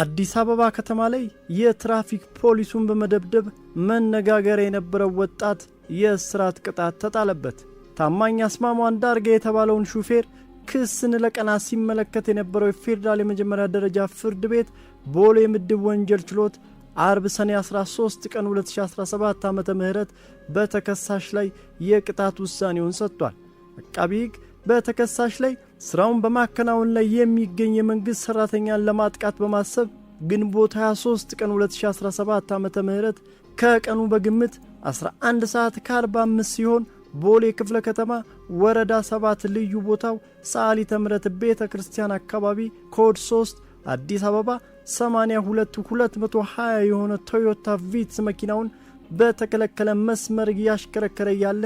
አዲስ አበባ ከተማ ላይ የትራፊክ ፖሊሱን በመደብደብ መነጋገሪያ የነበረው ወጣት የእስራት ቅጣት ተጣለበት። ታማኝ አስማማው አንዳርጌ የተባለውን ሹፌር ክስን ለቀናት ሲመለከት የነበረው የፌዴራል የመጀመሪያ ደረጃ ፍርድ ቤት ቦሌ ምድብ ወንጀል ችሎት አርብ ሰኔ 13 ቀን 2017 ዓ ም በተከሳሽ ላይ የቅጣት ውሳኔውን ሰጥቷል። አቃቢ ሕግ በተከሳሽ ላይ ስራውን በማከናወን ላይ የሚገኝ የመንግሥት ሠራተኛን ለማጥቃት በማሰብ ግንቦት 23 ቀን 2017 ዓ ም ከቀኑ በግምት 11 ሰዓት ከ45 ሲሆን ቦሌ ክፍለ ከተማ ወረዳ 7 ልዩ ቦታው ሰዓሊተ ምሕረት ቤተ ክርስቲያን አካባቢ ኮድ 3 አዲስ አበባ 82220 የሆነ ቶዮታ ቪትስ መኪናውን በተከለከለ መስመር እያሽከረከረ ያለ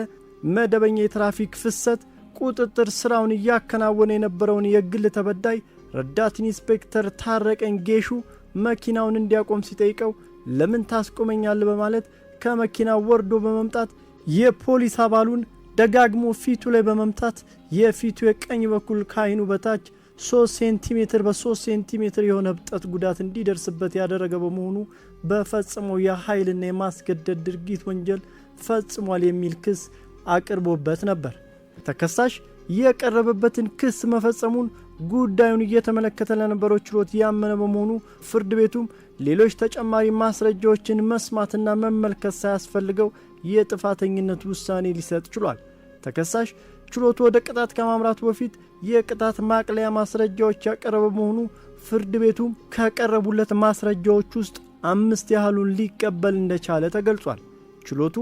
መደበኛ የትራፊክ ፍሰት ቁጥጥር ሥራውን እያከናወነ የነበረውን የግል ተበዳይ ረዳት ኢንስፔክተር ታረቀኝ ጌሹ መኪናውን እንዲያቆም ሲጠይቀው ለምን ታስቆመኛል በማለት ከመኪናው ወርዶ በመምጣት የፖሊስ አባሉን ደጋግሞ ፊቱ ላይ በመምታት የፊቱ የቀኝ በኩል ከአይኑ በታች 3 ሴንቲሜትር በ3 ሴንቲሜትር የሆነ ብጠት ጉዳት እንዲደርስበት ያደረገ በመሆኑ በፈጽመው የኃይልና የማስገደድ ድርጊት ወንጀል ፈጽሟል የሚል ክስ አቅርቦበት ነበር። ተከሳሽ የቀረበበትን ክስ መፈጸሙን ጉዳዩን እየተመለከተ ለነበረው ችሎት ያመነ በመሆኑ ፍርድ ቤቱም ሌሎች ተጨማሪ ማስረጃዎችን መስማትና መመልከት ሳያስፈልገው የጥፋተኝነት ውሳኔ ሊሰጥ ችሏል። ተከሳሽ ችሎቱ ወደ ቅጣት ከማምራቱ በፊት የቅጣት ማቅለያ ማስረጃዎች ያቀረበ በመሆኑ ፍርድ ቤቱም ከቀረቡለት ማስረጃዎች ውስጥ አምስት ያህሉን ሊቀበል እንደቻለ ተገልጿል። ችሎቱ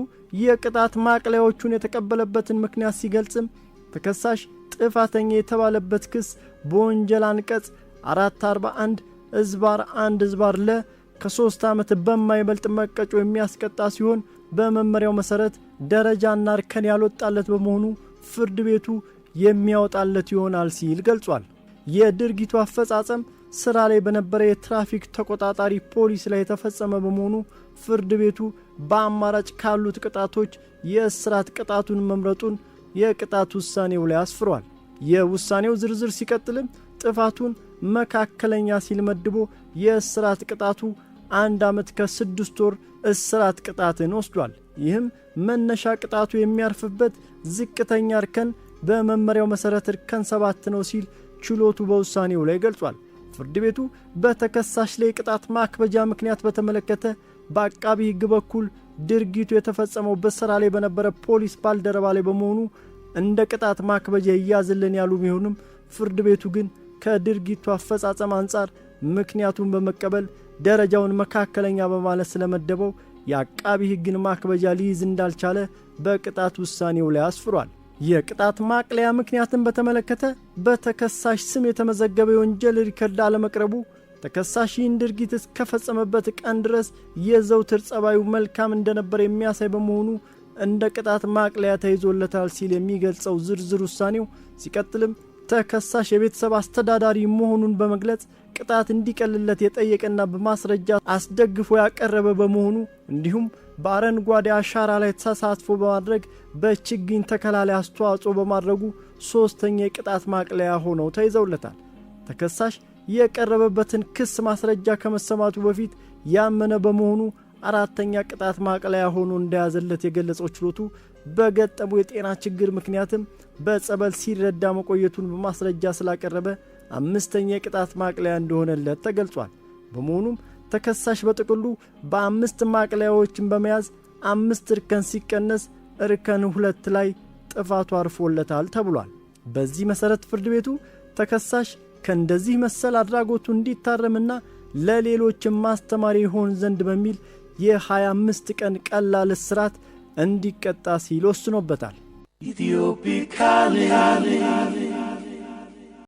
የቅጣት ማቅለያዎቹን የተቀበለበትን ምክንያት ሲገልጽም ተከሳሽ ጥፋተኛ የተባለበት ክስ በወንጀል አንቀጽ 441 እዝባር 1 እዝባር ለ ከሦስት ዓመት በማይበልጥ መቀጮ የሚያስቀጣ ሲሆን በመመሪያው መሠረት ደረጃና እርከን ያልወጣለት በመሆኑ ፍርድ ቤቱ የሚያወጣለት ይሆናል ሲል ገልጿል። የድርጊቱ አፈጻጸም ስራ ላይ በነበረ የትራፊክ ተቆጣጣሪ ፖሊስ ላይ የተፈጸመ በመሆኑ ፍርድ ቤቱ በአማራጭ ካሉት ቅጣቶች የእስራት ቅጣቱን መምረጡን የቅጣት ውሳኔው ላይ አስፍሯል። የውሳኔው ዝርዝር ሲቀጥልም ጥፋቱን መካከለኛ ሲል መድቦ የእስራት ቅጣቱ አንድ ዓመት ከስድስት ወር እስራት ቅጣትን ወስዷል። ይህም መነሻ ቅጣቱ የሚያርፍበት ዝቅተኛ እርከን በመመሪያው መሠረት እርከን ሰባት ነው ሲል ችሎቱ በውሳኔው ላይ ገልጿል። ፍርድ ቤቱ በተከሳሽ ላይ ቅጣት ማክበጃ ምክንያት በተመለከተ በአቃቢ ሕግ በኩል ድርጊቱ የተፈጸመው በሥራ ላይ በነበረ ፖሊስ ባልደረባ ላይ በመሆኑ እንደ ቅጣት ማክበጃ እያዝልን ያሉ ቢሆንም ፍርድ ቤቱ ግን ከድርጊቱ አፈጻጸም አንጻር ምክንያቱን በመቀበል ደረጃውን መካከለኛ በማለት ስለመደበው የአቃቢ ሕግን ማክበጃ ሊይዝ እንዳልቻለ በቅጣት ውሳኔው ላይ አስፍሯል። የቅጣት ማቅለያ ምክንያትን በተመለከተ በተከሳሽ ስም የተመዘገበ የወንጀል ሪከርድ አለመቅረቡ ተከሳሽ ይህን ድርጊት እስከፈጸመበት ቀን ድረስ የዘውትር ጸባዩ መልካም እንደነበር የሚያሳይ በመሆኑ እንደ ቅጣት ማቅለያ ተይዞለታል ሲል የሚገልጸው ዝርዝር ውሳኔው ሲቀጥልም ተከሳሽ የቤተሰብ አስተዳዳሪ መሆኑን በመግለጽ ቅጣት እንዲቀልለት የጠየቀና በማስረጃ አስደግፎ ያቀረበ በመሆኑ እንዲሁም በአረንጓዴ አሻራ ላይ ተሳትፎ በማድረግ በችግኝ ተከላ ላይ አስተዋጽኦ በማድረጉ ሦስተኛ የቅጣት ማቅለያ ሆነው ተይዘውለታል። ተከሳሽ የቀረበበትን ክስ ማስረጃ ከመሰማቱ በፊት ያመነ በመሆኑ አራተኛ ቅጣት ማቅለያ ሆኖ እንደያዘለት የገለጸው ችሎቱ በገጠመው የጤና ችግር ምክንያትም በጸበል ሲረዳ መቆየቱን በማስረጃ ስላቀረበ አምስተኛ የቅጣት ማቅለያ እንደሆነለት ተገልጿል። በመሆኑም ተከሳሽ በጥቅሉ በአምስት ማቅለያዎችን በመያዝ አምስት እርከን ሲቀነስ እርከን ሁለት ላይ ጥፋቱ አርፎለታል ተብሏል። በዚህ መሠረት ፍርድ ቤቱ ተከሳሽ ከእንደዚህ መሰል አድራጎቱ እንዲታረምና ለሌሎችም ማስተማሪ ይሆን ዘንድ በሚል የ25 ቀን ቀላል እስራት እንዲቀጣ ሲል ወስኖበታል። ኢትዮፒካሊ